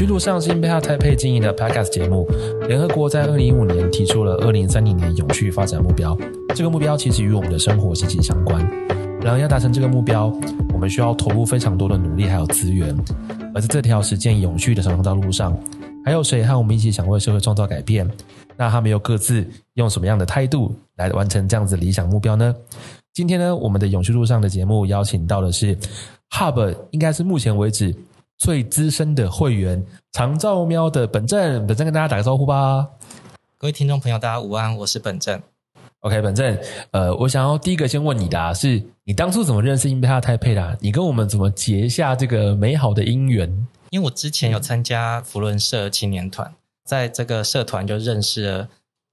永續路上是 Impact Hub Taipei 經營的 Podcast 節目。聯合國在二零一五年提出了二零三零年永續發展目標，這個目標其實與我們的生活息息相關。然而，要達成這個目標，我們需要投入非常多的努力還有資源。而在這條實踐永續的長長道路上，還有誰和我們一起想為社會創造改變？那他們又各自用什麼樣的態度來完成這樣子理想目標呢？今天呢，我們的永續路上的節目邀請到的是 Hub，應該是目前為止。最資深的會員，長照喵的本正，本正跟大家打個招呼吧。各位聽眾朋友，大家午安，我是本正。OK，本正，呃，我想要第一個先問你的，啊，是你當初怎麼認識 Impact Hub Taipei 的？你跟我們怎麼結下這個美好的姻緣？因為我之前有參加扶輪社青年團，嗯、在這個社團就認識了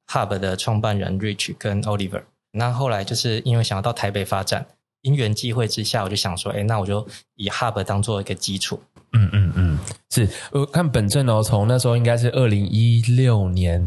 Hub 的創辦人 Rich 跟 Oliver。那後來就是因為想要到台北發展。因緣際會之下，我就想說，哎，那我就以 Hub 當做一個基礎。嗯嗯嗯，是。我看本正哦，從那時候應該是二零一六年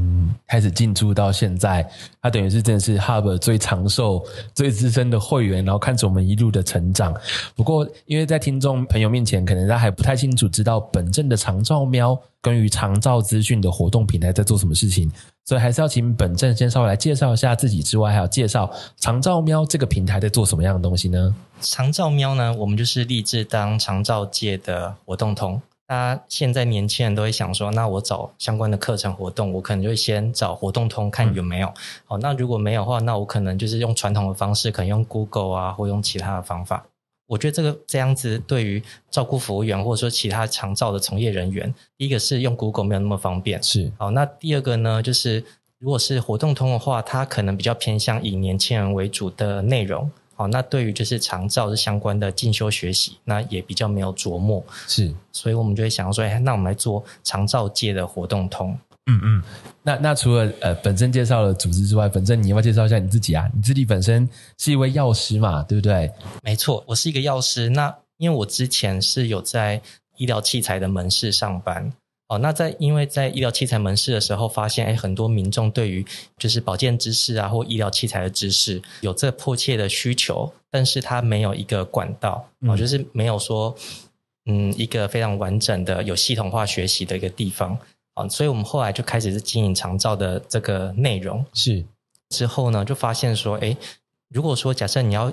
開始進駐到現在，它等於是真的是 Hub 最長壽、最資深的會員，然後看着我們一路的成長。不過，因為在聽眾朋友面前，可能大家還不太清楚，知道本正的長照喵關於長照資訊的活動平台在做什麼事情。所以還是要請本正先稍微來介紹一下自己，之外還有介紹長照喵這個平台在做什麼樣的東西呢？長照喵呢，我們就是立志當長照界的活動通。那現在年輕人都會想說，那我找相關的課程活動，我可能就會先找活動通看有沒有。嗯、好，那如果沒有的話，那我可能就是用傳統的方式，可能用 Google 啊，或用其他的方法。我覺得這個這樣子對於照顧服務員或者說其他長照的從業人員，第一個是用 Google 沒有那麼方便，是。好、哦，那第二個呢，就是如果是活動通的話，它可能比較偏向以年輕人為主的內容。好、哦，那對於就是長照相關的進修學習，那也比較沒有琢磨。是，所以我們就會想說，哎，那我們來做長照界的活動通。嗯嗯，那那除了呃本身介紹了組織之外，本身你要不要介紹一下你自己啊！你自己本身是一位藥師嘛，對不對？沒錯，我是一個藥師。那因為我之前是有在醫療器材的門市上班哦。那在因為在醫療器材門市的時候，發現誒很多民眾對於就是保健知識啊，或醫療器材的知識有這迫切的需求，但是他沒有一個管道，嗯、哦，就是沒有說嗯一個非常完整的、有系統化學習的一個地方。所以我們後來就開始是經營長照的這個內容，是之後呢，就發現說，誒，如果說假設你要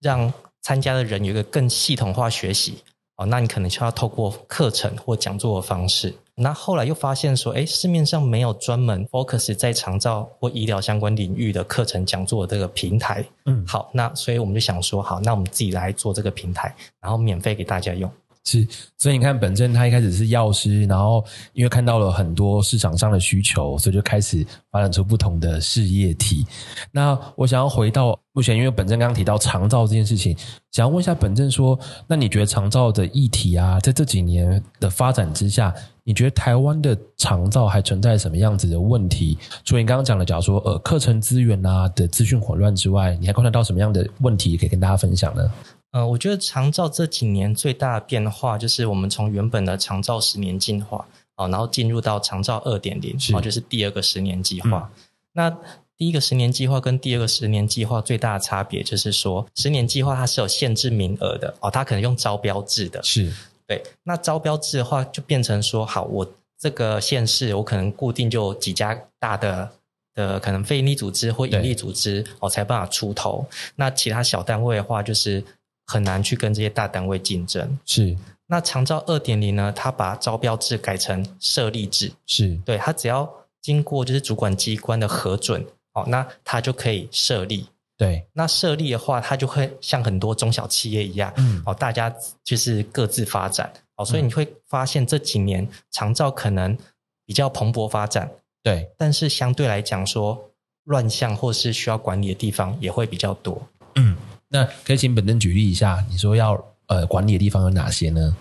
讓參加的人有一個更系統化學習，哦，那你可能需要透過課程或講座的方式。那後來又發現說，誒，市面上沒有專門 focus 在長照或醫療相關領域的課程講座的這個平台。嗯，好，那所以我們就想說，好，那我們自己來做這個平台，然後免費給大家用。是，所以你看，本正他一開始是藥師，然後因為看到了很多市場上的需求，所以就開始發展出不同的事業體。那我想要回到目前，因為本正剛剛提到長照這件事情，想要問一下本正說，那你覺得長照的議題啊，在這幾年的發展之下，你覺得台灣的長照還存在什麼樣子的問題？除了你剛剛講的，假如說呃課程資源啊的資訊混亂之外，你還觀察到什麼樣的問題可以跟大家分享呢？嗯、呃，我覺得長照這幾年最大的變化就是我們從原本的長照十年計劃啊，然後進入到長照二點零，就是第二個十年計劃。嗯、那第一個十年計劃跟第二個十年計劃最大的差別就是說，十年計劃它是有限制名額的哦，它可能用招標制的，是對。那招標制的話，就變成說，好，我這個縣市我可能固定就幾家大的的可能非營利組織或營利組織，我對、哦、才辦法出頭。那其他小單位的話，就是。很難去跟這些大單位競爭。是，那長照二點零呢？它把招標制改成設立制。是，對，它只要經過就是主管機關的核准，哦，那它就可以設立。對，那設立的話，它就會像很多中小企業一樣，嗯，哦，大家就是各自發展。哦、嗯，所以你會發現這幾年長照可能比較蓬勃發展。對，但是相對來講說，亂象或是需要管理的地方也會比較多。嗯。那可以請本正舉例一下，你說要呃管理的地方有哪些呢？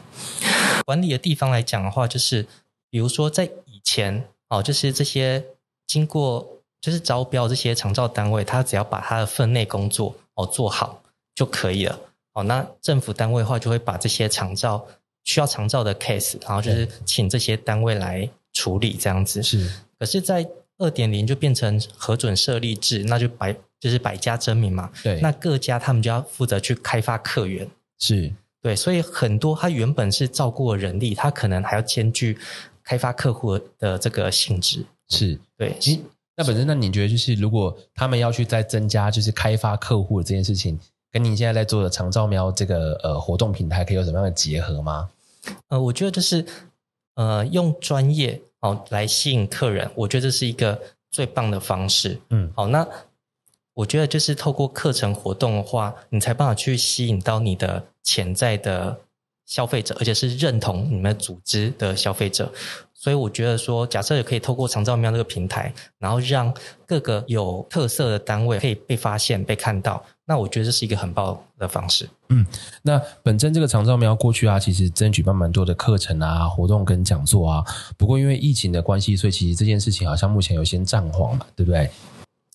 管理的地方來講的話，就是比如說在以前哦，就是這些經過就是招標這些長照單位，他只要把他的分內工作哦做好就可以了哦。那政府單位的話，就會把這些長照需要長照的 case，然後就是請這些單位來處理這樣子。嗯、是。可是，在二點零就變成核准設立制，那就白。就是百家爭鳴嘛，對，那各家他們就要負責去開發客源，是對，所以很多他原本是照顧人力，他可能還要兼具開發客戶的這個性質，是對。那本身，那你覺得就是，如果他們要去再增加，就是開發客戶的這件事情，跟你現在在做的長照喵這個呃活動平台，可以有什麼樣的結合嗎？呃，我覺得就是呃用專業哦來吸引客人，我覺得這是一個最棒的方式。嗯，好，那。我覺得就是透過課程活動的話，你才辦法去吸引到你的潛在的消費者，而且是認同你們組織的消費者。所以我覺得說，假設也可以透過長照喵這個平台，然後讓各個有特色的單位可以被發現、被看到，那我覺得這是一個很棒的方式。嗯，那本身這個長照喵過去啊，其實爭取辦蠻多的課程啊、活動跟講座啊。不過因為疫情的關係，所以其實這件事情好像目前有些暫緩嘛，對不對？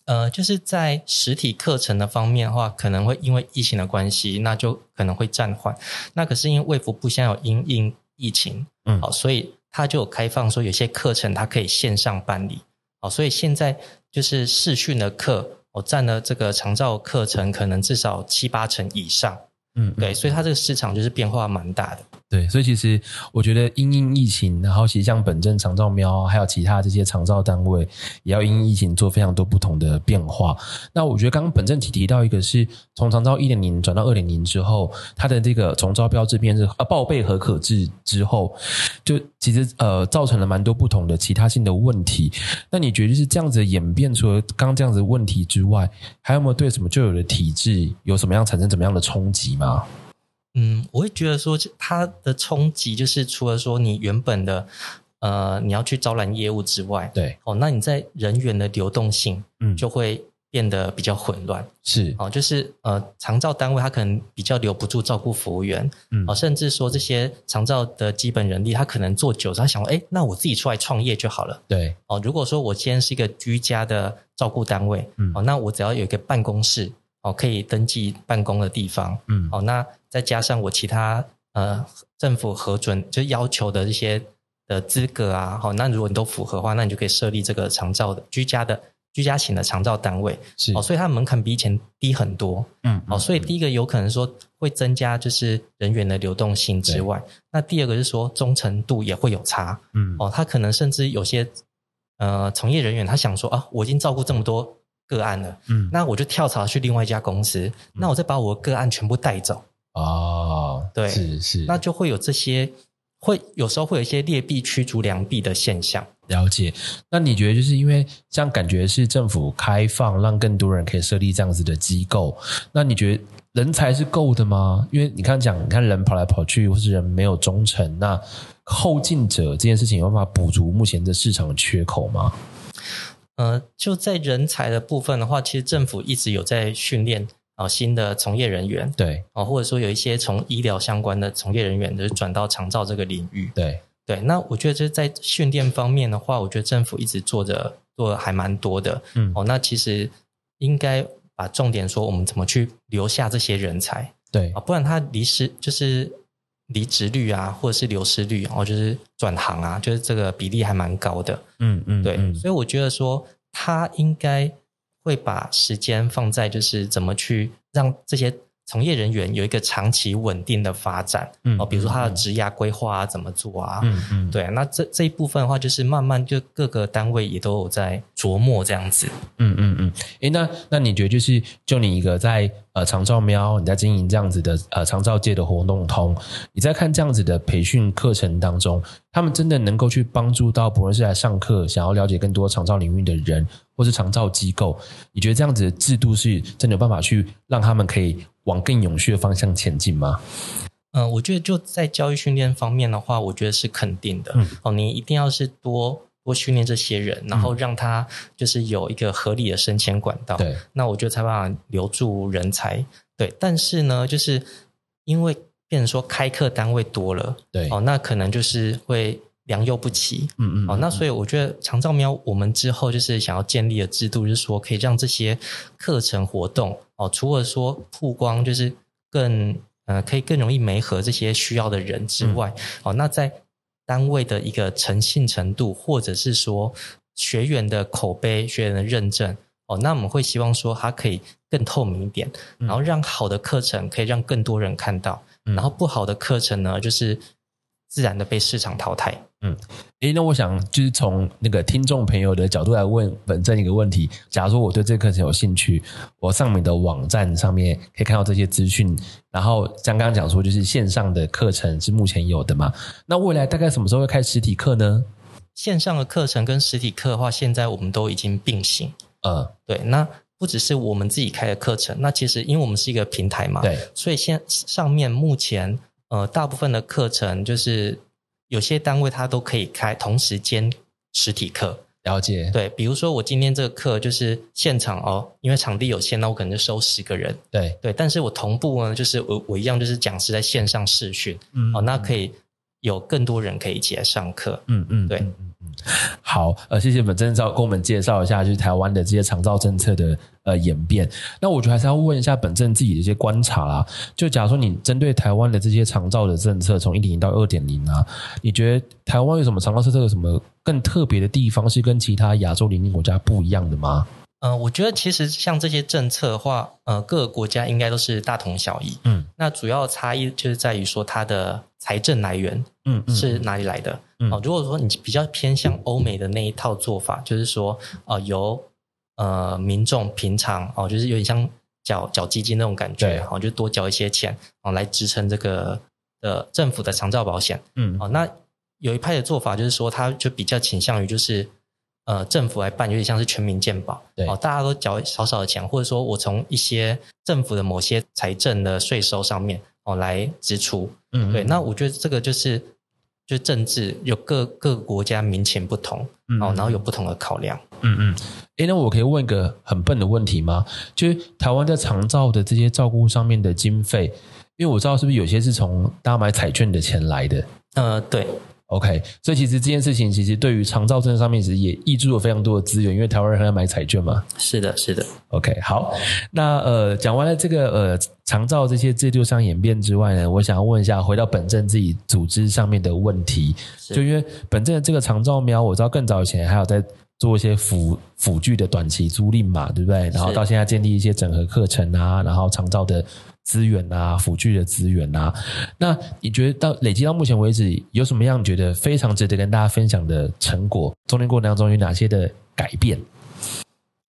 呃，就是在實體課程的方面的話，可能會因為疫情的關係，那就可能會暫緩。那可是因為衛福部現在有因應疫情，嗯，好、哦，所以他就有開放說有些課程它可以線上辦理。好、哦，所以現在就是視訊的課，我、哦、佔了這個長照課程可能至少七八成以上，嗯，嗯，對，所以它這個市場就是變化蠻大的。對，所以其實我覺得因應疫情，然後其實像本正長照喵，還有其他這些長照單位，也要因應疫情做非常多不同的變化。那我覺得剛剛本正提提到一個是從長照一點零轉到二點零之後，它的這個從招標制變成啊報備和可制之後，就其實呃造成了蠻多不同的其他性的問題。那你覺得是這樣子的演變，除了剛這樣子的問題之外，還有沒有對什麼舊有的體制有什麼樣產生怎麼樣的衝擊嗎？嗯，我會覺得說它的衝擊就是除了說你原本的呃你要去招攬業務之外，對，哦，那你在人員的流動性嗯就會變得比較混亂，是、嗯、哦，就是呃長照單位它可能比較留不住照顧服務員，嗯，哦，甚至說這些長照的基本人力他可能做久他想哎，那我自己出來創業就好了，對，哦，如果說我今天是一個居家的照顧單位，嗯，哦，那我只要有一個辦公室。哦，可以登記辦公的地方，嗯，哦，那再加上我其他呃政府核准就要求的一些的資格啊，好，哦，那如果你都符合的話，那你就可以設立這個長照的居家的居家型的長照單位，是，哦，所以它的門檻比以前低很多，嗯，哦，所以第一個有可能說會增加就是人員的流動性之外，對那第二個是說忠誠度也會有差，嗯，哦，他可能甚至有些呃從業人員他想說啊，我已經照顧這麼多。個案了，嗯，那我就跳槽去另外一家公司，嗯、那我再把我的個案全部帶走哦。對，是是，那就會有這些，會有時候會有一些劣幣驅逐良幣的現象。了解，那你覺得就是因為這樣，感覺是政府開放，讓更多人可以設立這樣子的機構，那你覺得人才是夠的嗎？因為你剛講，你看人跑來跑去，或是人沒有忠誠，那後進者這件事情有辦法補足目前的市場缺口嗎？呃，就在人才的部分的話，其實政府一直有在訓練啊、呃、新的從業人員，對啊、呃，或者說有一些從醫療相關的從業人員就是、轉到長照這個領域，對對。那我覺得這在訓練方面的話，我覺得政府一直做的做的還蠻多的，嗯哦。那其實應該把重點說我們怎麼去留下這些人才，對啊，不然他離職就是離職率啊，或者是流失率啊、哦，就是轉行啊，就是這個比例還蠻高的，嗯嗯，嗯對。嗯、所以我覺得說。他應該會把時間放在就是怎麼去讓這些從業人員有一個長期穩定的發展，嗯，嗯比如說他的職業規劃啊，怎麼做啊？嗯嗯，嗯對、啊，那這這一部分的話，就是慢慢就各個單位也都有在琢磨這樣子。嗯嗯嗯，哎、嗯嗯，那那你覺得就是就你一個在呃，長照喵，你在經營這樣子的呃長照界的活動通，你在看這樣子的培訓課程當中，他們真的能夠去幫助到不論是來上課想要了解更多長照領域的人，或是長照機構，你覺得這樣子的制度是真的有辦法去讓他們可以往更永續的方向前進嗎？嗯、呃，我覺得就在教育訓練方面的話，我覺得是肯定的。嗯、哦，你一定要是多。多訓練這些人，然後讓他就是有一個合理的升遷管道。嗯、對，那我覺得才辦法留住人才。對，但是呢，就是因為變成說開課單位多了，對，哦，那可能就是會良莠不齊。嗯嗯，嗯嗯。哦，那所以我覺得長照喵，我們之後就是想要建立的制度，就是說可以讓這些課程活動哦，除了說曝光，就是更呃可以更容易媒合這些需要的人之外，嗯、哦，那在。單位的一個誠信程度，或者是說學員的口碑、學員的認證，哦，那我們會希望說它可以更透明一點，然後讓好的課程可以讓更多人看到，嗯，然後不好的課程呢，就是自然的被市場淘汰。嗯，哎，那我想就是從那個聽眾朋友的角度來問本正一個問題，假如說我對這個課程有興趣，我上面的網站上面可以看到這些資訊，然後像剛剛講說，就是線上的課程是目前有的嘛？那未來大概什麼時候會開實體課呢？線上的課程跟實體課的話，現在我們都已經並行。嗯、呃，對，那不只是我們自己開的課程，那其實因為我們是一個平台嘛，對，所以線上面目前呃，大部分的課程就是。有些單位他都可以開，同時兼實體課。了解，對，比如說我今天這個課就是現場哦，因為場地有限，那我可能就收十個人。對對，但是我同步呢，就是我我一樣就是講師在線上視訊。嗯，嗯，好、哦，那可以。有更多人可以一起來上課，嗯嗯，嗯對，好，呃，謝謝本正照給我們介紹一下就是台灣的這些長照政策的呃演變。那我覺得還是要問一下本正自己的一些觀察啦，啊，就假如說你針對台灣的這些長照的政策，從一點零到二點零啊，你覺得台灣有什麼長照政策有什麼更特別的地方，是跟其他亞洲鄰近國家不一樣的嗎？嗯、呃，我覺得其實像這些政策的話，呃，各個國家應該都是大同小異。嗯，那主要差異就是在於說它的財政來源，嗯，是哪裡來的？嗯嗯嗯、哦，如果說你比較偏向歐美的那一套做法，嗯、就是說，哦、呃，由呃民眾平常哦，就是有點像繳繳基金那種感覺，對哦，就多繳一些錢哦，來支撐這個的、呃、政府的長照保險。嗯，哦，那有一派的做法就是說，他就比較傾向於就是。呃，政府來辦，有點像是全民健保對、哦，大家都繳少少的錢，或者說我從一些政府的某些財政的稅收上面哦來支出，嗯，嗯，對，那我覺得這個就是就是、政治有各各國家民情不同嗯嗯、哦，然後有不同的考量，嗯嗯誒，那我可以問一個很笨的問題嗎？就是台灣在長照的這些照顧上面的經費，因為我知道是不是有些是從大家買彩券的錢來的？呃，對。OK，所以其實這件事情其實對於長照政策上面其實也挹注了非常多的資源，因為台灣人很愛買彩券嘛。是的，是的。OK，好，那呃講完了這個呃長照這些制度上演變之外呢，我想要問一下，回到本正自己組織上面的問題，是就因為本正的這個長照喵，我知道更早以前還有在做一些輔輔具的短期租賃嘛，對不對？然後到現在建立一些整合課程啊，然後長照的。資源吶、啊，輔具的資源吶、啊，那你覺得到累積到目前為止，有什麼樣你覺得非常值得跟大家分享的成果？租賃過程當中有哪些的改變？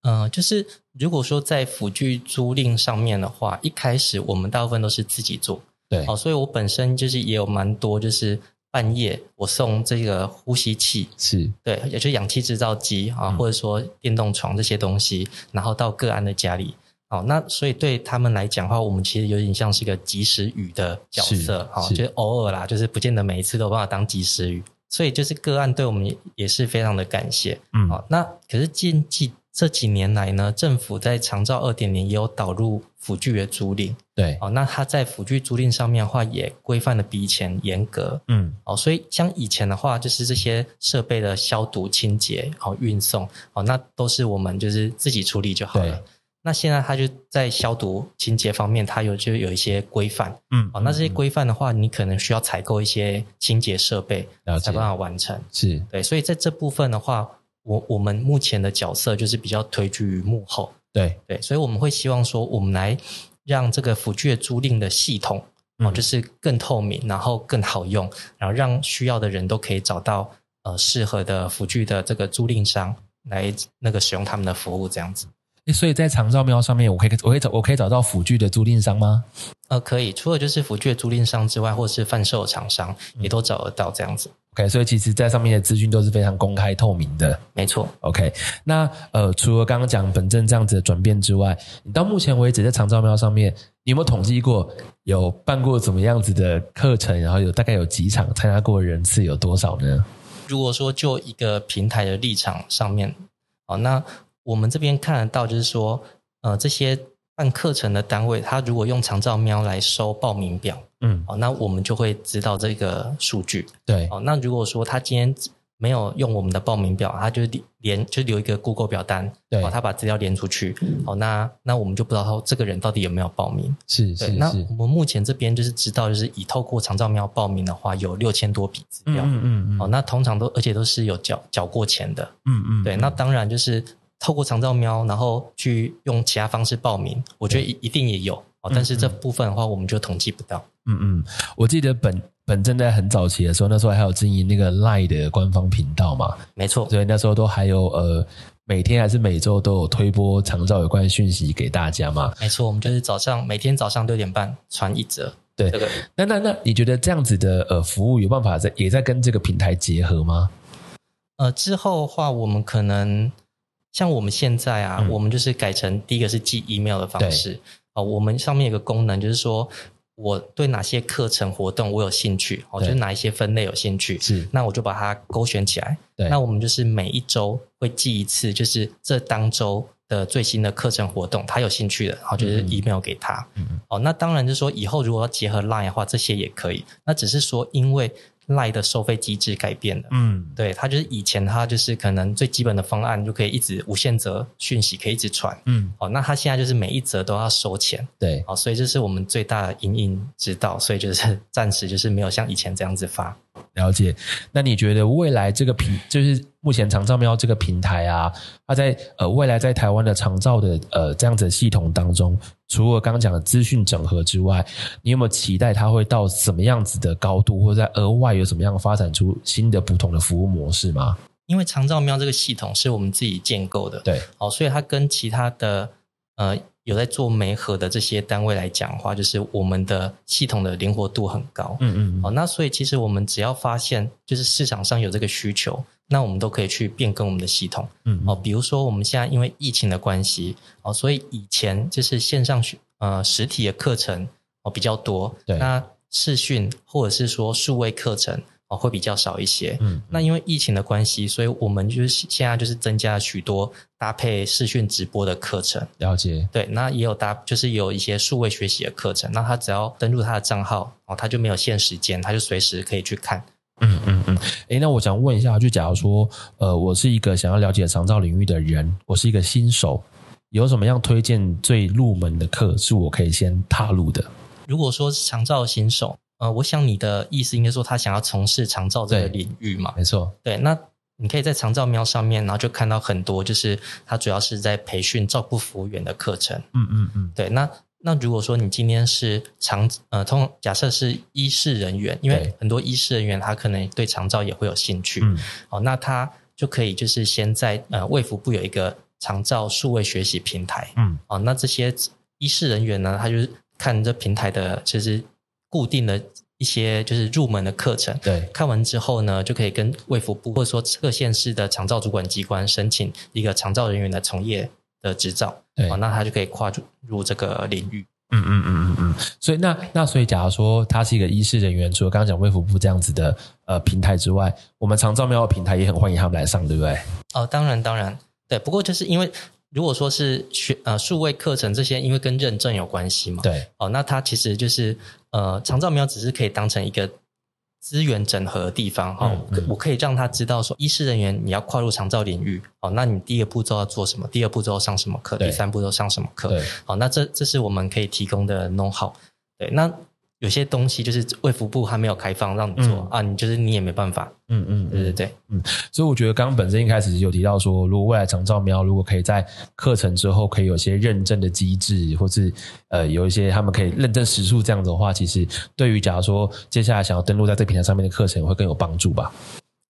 嗯、呃，就是如果說在輔具租賃上面的話，一開始我們大部分都是自己做，對，哦，所以我本身就是也有蠻多，就是半夜我送這個呼吸器，是對，也就是氧氣製造機啊，嗯、或者說電動床這些東西，然後到個案的家裡。好，那所以對他們來講的話，我們其實有點像是一個及時雨的角色，好、哦，就是偶爾啦，就是不見得每一次都有辦法當及時雨。所以就是個案對我們也是非常的感謝。嗯，好、哦，那可是近幾這幾年來呢，政府在長照二點零也有導入輔具的租賃。對，哦，那他在輔具租賃上面的話，也規範的比以前嚴格。嗯，哦，所以像以前的話，就是這些設備的消毒、清潔、好、哦、運送，哦，那都是我們就是自己處理就好了。那現在他就在消毒清潔方面，他有就有一些規範，嗯，哦，那這些規範的話，你可能需要採購一些清潔設備，然後才辦法完成，是，對，所以在這部分的話，我我們目前的角色就是比較退居於幕後，對對，所以我們會希望說，我們來讓這個輔具的租賃的系統，嗯、哦，就是更透明，然後更好用，然後讓需要的人都可以找到呃適合的輔具的這個租賃商來那個使用他們的服務，這樣子。所以在長照喵上面我，我可以我可以找我可以找到輔具的租賃商嗎？呃，可以，除了就是輔具的租賃商之外，或者是販售廠商，嗯、也都找得到這樣子。OK，所以其實，在上面的資訊都是非常公開透明的。沒錯。OK，那呃，除了剛剛講本正這樣子的轉變之外，你到目前為止在長照喵上面，你有沒有統計過有辦過怎麼樣子的課程，然後有大概有幾場參加過的人次有多少呢？如果說就一個平台的立場上面，哦，那。我們這邊看得到，就是說，呃，這些辦課程的單位，他如果用長照喵來收報名表，嗯，好、哦、那我們就會知道這個數據，對，哦，那如果說他今天沒有用我們的報名表，他就連就留一個 Google 表單，對、哦，他把資料連出去，好、嗯哦、那那我們就不知道他這個人到底有沒有報名，是是，是對是那我們目前這邊就是知道，就是以透過長照喵報名的話，有六千多筆資料、嗯，嗯嗯、哦，那通常都而且都是有繳繳過錢的，嗯嗯，嗯對，嗯、那當然就是。透過長照喵，然後去用其他方式報名，我覺得一一定也有、嗯、但是這部分的話，嗯、我們就統計不到。嗯嗯，我記得本本正在很早期的時候，那時候還有經營那個 LINE 的官方頻道嘛。沒錯錯，所以那時候都還有呃，每天還是每周都有推播長照有關訊息給大家嘛。沒錯，我們就是早上對每天早上六點半傳一則。對，那那、這個、那，那那你覺得這樣子的呃服務有辦法在也在跟這個平台結合嗎？呃，之後的話，我們可能。像我們現在啊，嗯、我們就是改成第一個是寄 email 的方式。對哦，我們上面有一個功能，就是說，我對哪些課程活動我有興趣，我對、哦、就是、哪一些分類有興趣，是。那我就把它勾選起來。對那我們就是每一周會寄一次，就是這當周的最新的課程活動，他有興趣的，然後就是 email 給他。嗯嗯，哦，那當然就是說，以後如果要結合 line 的話，這些也可以。那只是說，因為。LINE 的收費機制改變了，嗯，對，他就是以前他就是可能最基本的方案就可以一直無限則訊息可以一直傳，嗯，哦，那他現在就是每一則都要收錢，對，哦，所以這是我們最大的因應之道，所以就是暫時就是沒有像以前這樣子發。了解，那你覺得未來這個平就是目前長照喵這個平台啊，它在呃未來在台灣的長照的呃這樣子的系統當中，除了剛剛講的資訊整合之外，你有沒有期待它會到什麼樣子的高度，或者在額外有什麼樣發展出新的不同的服務模式嗎？因為長照喵這個系統是我們自己建構的，對，好，哦，所以它跟其他的呃有在做媒合的這些單位來講的話，就是我們的系統的靈活度很高，嗯，嗯嗯，哦，那所以其實我們只要發現就是市場上有這個需求，那我們都可以去變更我們的系統，嗯，嗯，哦，比如說我們現在因為疫情的關係，哦，所以以前就是線上學呃實體的課程哦比較多，對，那視訊或者是說數位課程。哦，會比較少一些。嗯，那因為疫情的關係，所以我們就是現在就是增加了許多搭配視訊直播的課程。了解，對，那也有搭，就是有一些數位學習的課程。那他只要登錄他的賬號，哦，他就沒有限時間，他就隨時可以去看。嗯嗯嗯。誒、嗯嗯欸，那我想問一下，就假如說，呃，我是一個想要了解長照領域的人，我是一個新手，有什麼樣推薦最入門的課，是我可以先踏入的？如果說是長照新手。我想你的意思應該說，他想要從事長照這個領域嘛？沒錯。對，那你可以在長照喵上面，然後就看到很多，就是他主要是在培訓照顧服務員的課程嗯。嗯嗯嗯。對，那那如果說你今天是長呃，通假設是醫事人員，因為很多醫事人員他可能對長照也會有興趣。嗯。哦，那他就可以就是先在呃衛福部有一個長照數位學習平台。嗯。哦，那這些醫事人員呢，他就看這平台的其實。固定的一些就是入門的課程，對，看完之後呢，就可以跟衛福部或者說各縣市的長照主管機關申請一個長照人員的從業的執照，對、哦，那他就可以跨入這個領域。嗯嗯嗯嗯嗯。所以那那所以，假如說他是一個醫事人員，除了剛剛講衛福部這樣子的呃平台之外，我們長照喵的平台也很歡迎他們來上，對不對？哦，當然當然，對。不過就是因為。如果說是學呃數位課程這些，因為跟認證有關係嘛，對，哦，那它其實就是呃，長照喵只是可以當成一個資源整合的地方哈，哦嗯嗯、我可以讓他知道說，醫事人員你要跨入長照領域，哦，那你第一個步驟要做什麼？第二步驟要上什麼課？對第三步驟要上什麼課？好對、哦、那這這是我們可以提供的 know-how，對，那。有些東西就是衛福部還沒有開放讓你做，嗯、啊，你就是你也沒辦法。嗯嗯，嗯對對對，嗯。所以我覺得剛剛本身一開始就有提到說，如果未來長照喵如果可以在課程之後可以有些認證的機制，或是呃有一些他們可以認證時數這樣子的話，其實對於假如說接下來想要登錄在這平台上面的課程會更有幫助吧。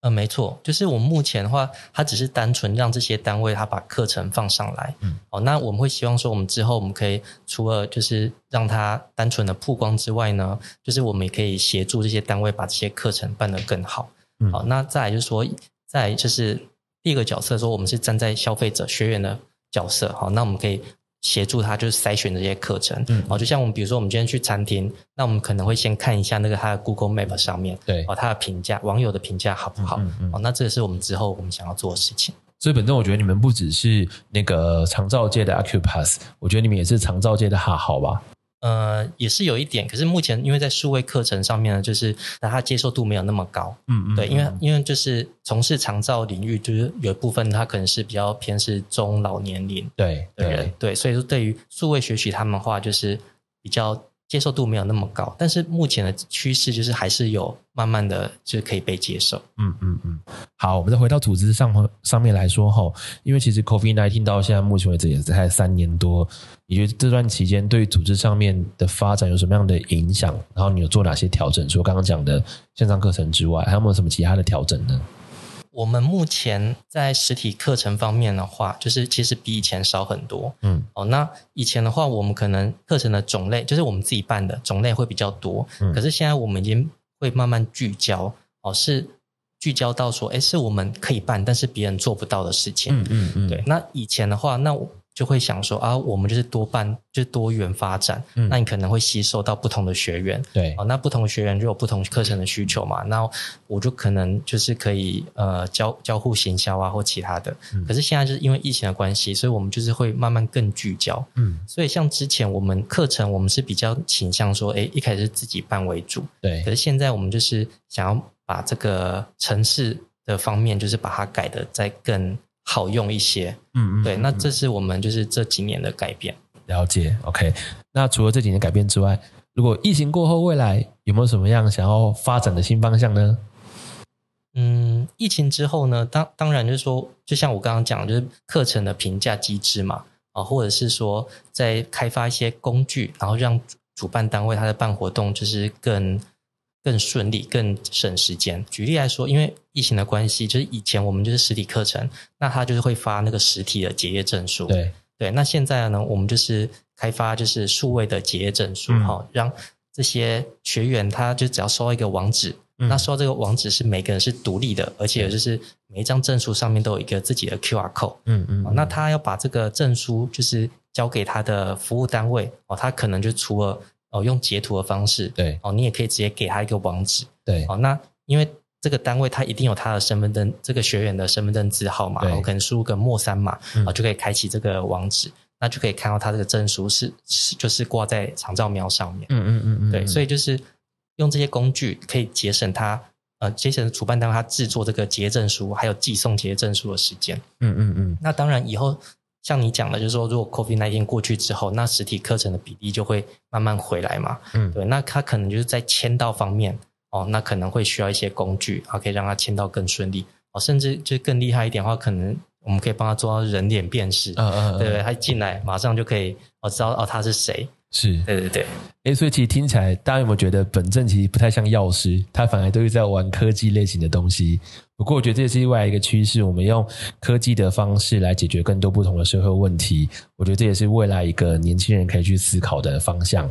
嗯，沒錯，就是我們目前的話，他只是單純讓這些單位他把課程放上來。嗯，哦，那我們會希望說，我們之後我們可以除了就是讓他單純的曝光之外呢，就是我們也可以協助這些單位把這些課程辦得更好。嗯，好，那再來就是說，再來就是第一個角色說，我們是站在消費者學員的角色，好，那我們可以。協助他就是篩選的這些課程，嗯、哦，就像我們比如說我們今天去餐廳，那我們可能會先看一下那個他的 Google Map 上面，對，哦，他的評價，網友的評價好不好？嗯嗯嗯哦，那這也是我們之後我們想要做的事情。所以，本正我覺得你們不只是那個長照界的 Accupass、嗯、我覺得你們也是長照界的哈好吧。呃，也是有一點，可是目前因為在數位課程上面呢，就是他接受度沒有那麼高，嗯嗯，對，因為、嗯、因為就是從事長照領域，就是有一部分他可能是比較偏是中老年齡對的人對，對，對，所以說對於數位學習他們的話就是比較，接受度沒有那麼高，但是目前的趨勢就是還是有慢慢的，就是可以被接受。嗯嗯嗯。好，我們再回到組織上上面來說吼，因為其實 COVID-19 到現在目前為止也是才三年多，你覺得這段期間對於組織上面的發展有什麼樣的影響？然後你有做哪些調整？除了剛剛講的線上課程之外，還有沒有什麼其他的調整呢？我們目前在實體課程方面的話，就是其實比以前少很多。嗯，哦，那以前的話，我們可能課程的種類就是我們自己辦的種類會比較多。嗯，可是現在我們已經會慢慢聚焦，哦，是聚焦到說，誒，是我們可以辦，但是別人做不到的事情。嗯嗯嗯，嗯嗯對。那以前的話，那我。就會想說啊，我們就是多辦，就是多元發展。嗯，那你可能會吸收到不同的學員。對，好、哦，那不同的學員就有不同課程的需求嘛。嗯、那我就可能就是可以呃，交交互行銷啊，或其他的。嗯、可是現在就是因為疫情的關係，所以我們就是會慢慢更聚焦。嗯，所以像之前我們課程，我們是比較傾向說，哎，一開始是自己辦為主。對，可是現在我們就是想要把這個城市的方面，就是把它改得再更。好用一些，嗯嗯，嗯嗯，對，那這是我們就是這幾年的改變。了解，OK。那除了這幾年的改變之外，如果疫情過後，未來有沒有什麼樣想要發展的新方向呢？嗯，疫情之後呢，當當然就是說，就像我剛剛講，就是課程的評價機制嘛，啊，或者是說在開發一些工具，然後讓主辦單位他在辦活動，就是更。更順利，更省時間。舉例來說，因為疫情的關係，就是以前我們就是實體課程，那他就是會發那個實體的結業證書。對對，那現在呢，我們就是開發就是數位的結業證書，哈、嗯，讓這些學員他就只要收到一個網址，嗯、那收到這個網址是每個人是獨立的，而且就是每一張證書上面都有一個自己的 QR Code。嗯嗯、嗯、哦，那他要把這個證書就是交給他的服務單位哦，他可能就除了。哦，用截圖的方式，對。哦，你也可以直接給他一個網址，對。哦，那因為這個單位他一定有他的身份證，這個學員的身份證字號嘛，對然後可能輸入個末三碼、嗯哦，就可以開啟這個網址，那就可以看到他這個證書是，是就是掛在長照喵上面。嗯嗯嗯，嗯，嗯對。所以就是用這些工具可以節省他，呃，節省主辦單位他製作這個結業證書，還有寄送結業證書的時間。嗯嗯嗯。那當然以後。像你講的，就是說，如果 COVID 19過去之後，那實體課程的比例就會慢慢回來嘛。嗯，對，那他可能就是在簽到方面，哦，那可能會需要一些工具，啊，可以讓他簽到更順利。哦，甚至就更厲害一點的話，可能我們可以幫他做到人臉辨識。嗯嗯、哦，哦、對，對，他一進來馬上就可以，哦，知道哦，他是誰。是對對對，哎，所以其實聽起來，大家有沒有覺得本正其實不太像藥師，他反而都是在玩科技類型的東西？不過我覺得這也是另外一個趨勢，我們用科技的方式來解決更多不同的社會問題。我覺得這也是未來一個年輕人可以去思考的方向。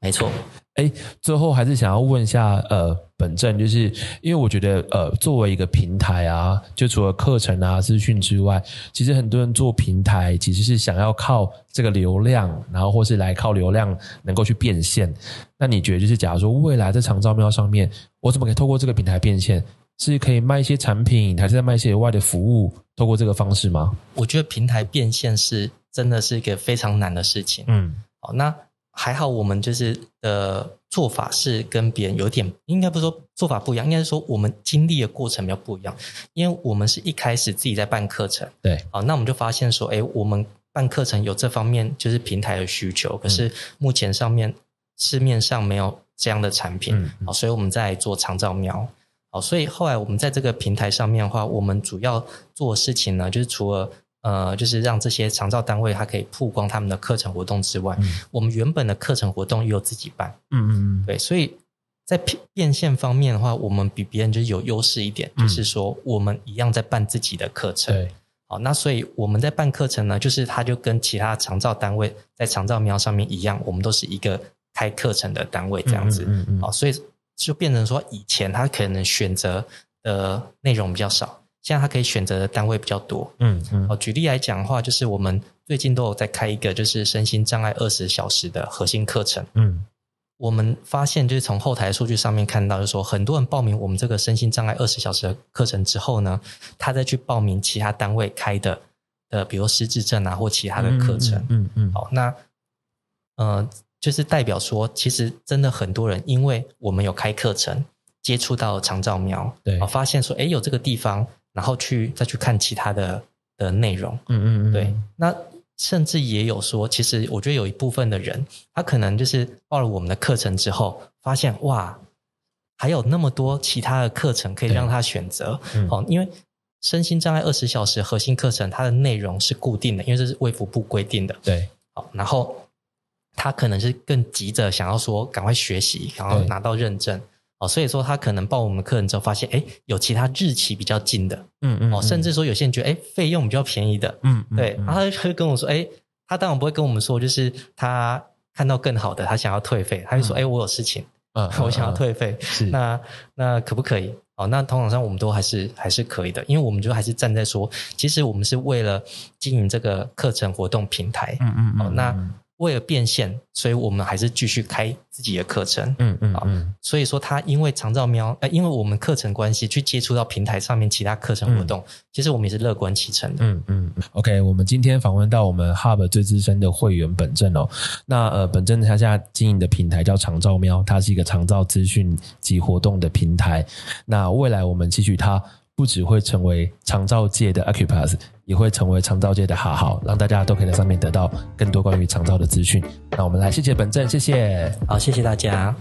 沒錯。哎，最後還是想要問一下，呃，本正，就是因為我覺得，呃，作為一個平台啊，就除了課程啊、資訊之外，其實很多人做平台其實是想要靠這個流量，然後或是來靠流量能夠去變現。那你覺得，就是假如說未來在長照喵上面，我怎麼可以透過這個平台變現？是可以賣一些產品，還是在賣一些額外的服務？透過這個方式嗎？我覺得平台變現是真的是一個非常難的事情。嗯，好，那。還好，我們就是的、呃、做法是跟別人有點應該不是說做法不一樣，應該是說我們經歷的過程比較不一樣，因為我們是一開始自己在辦課程，對，好、哦，那我們就發現說，哎，我們辦課程有這方面就是平台的需求，可是目前上面市面上沒有這樣的產品，好、嗯哦，所以我們在做長照喵，好、哦，所以後來我們在這個平台上面的話，我們主要做事情呢，就是除了。呃，就是讓這些長照單位，它可以曝光他們的課程活動之外，嗯、我們原本的課程活動又有自己辦。嗯嗯嗯，對，所以在變現方面的話，我們比別人就是有優勢一點，就是說我們一樣在辦自己的課程。對、嗯，好，那所以我們在辦課程呢，就是它就跟其他長照單位在長照喵上面一樣，我們都是一個開課程的單位這樣子。嗯，嗯，嗯，嗯。好，所以就變成說，以前他可能選擇的內容比較少。現在他可以選擇的單位比較多，嗯嗯。嗯，舉例來講的話，就是我們最近都有在開一個就是身心障礙二十小時的核心課程，嗯，我們發現就是從後台數據上面看到，就是說很多人報名我們這個身心障礙二十小時的課程之後呢，他再去報名其他單位開的，呃，比如失智症啊或其他的課程，嗯嗯。嗯嗯嗯，好，那呃，就是代表說，其實真的很多人，因為我們有開課程接觸到了長照喵，對，發現說，哎，有這個地方。然後去再去看其他的的內容，嗯嗯嗯，對。那甚至也有說，其實我覺得有一部分的人，他可能就是報了我們的課程之後，發現哇，還有那麼多其他的課程可以讓他選擇。對哦、嗯因為身心障礙二十小時核心課程它的內容是固定的，因為這是衛福部規定的。對，好、哦，然後他可能是更急着想要說，趕快學習，然後拿到認證。哦，所以說他可能報我們課程之後發現，誒、欸、有其他日期比較近的，嗯，嗯嗯，哦，甚至說有些人覺得，誒、欸、費用比較便宜的，嗯，嗯，嗯，對，然後他就跟我說，誒、欸、他當然不會跟我們說，就是他看到更好的，他想要退費，他就說，誒、嗯、欸、我有事情，嗯、呃， 我想要退費，呃呃、是那那可不可以？哦，那通常上我們都還是還是可以的，因為我們就還是站在說，其實我們是為了經營這個課程活動平台，嗯嗯，嗯嗯，哦，那。為了變現，所以我們還是繼續開自己的課程。嗯嗯、啊、所以說他因為長照喵，呃，因為我們課程關係去接觸到平台上面其他課程活動，嗯、其實我們也是樂觀其成的。嗯嗯，OK，我們今天訪問到我們 Hub 最資深的會員本正哦。那呃，本正他現在經營的平台叫長照喵，它是一個長照資訊及活動的平台。那未來我們繼續它。不只會成為長照界的 Acupass，也會成為長照界的哈。好，讓大家都可以在上面得到更多關於長照的資訊。那我們來謝謝本正，謝謝，好，謝謝大家。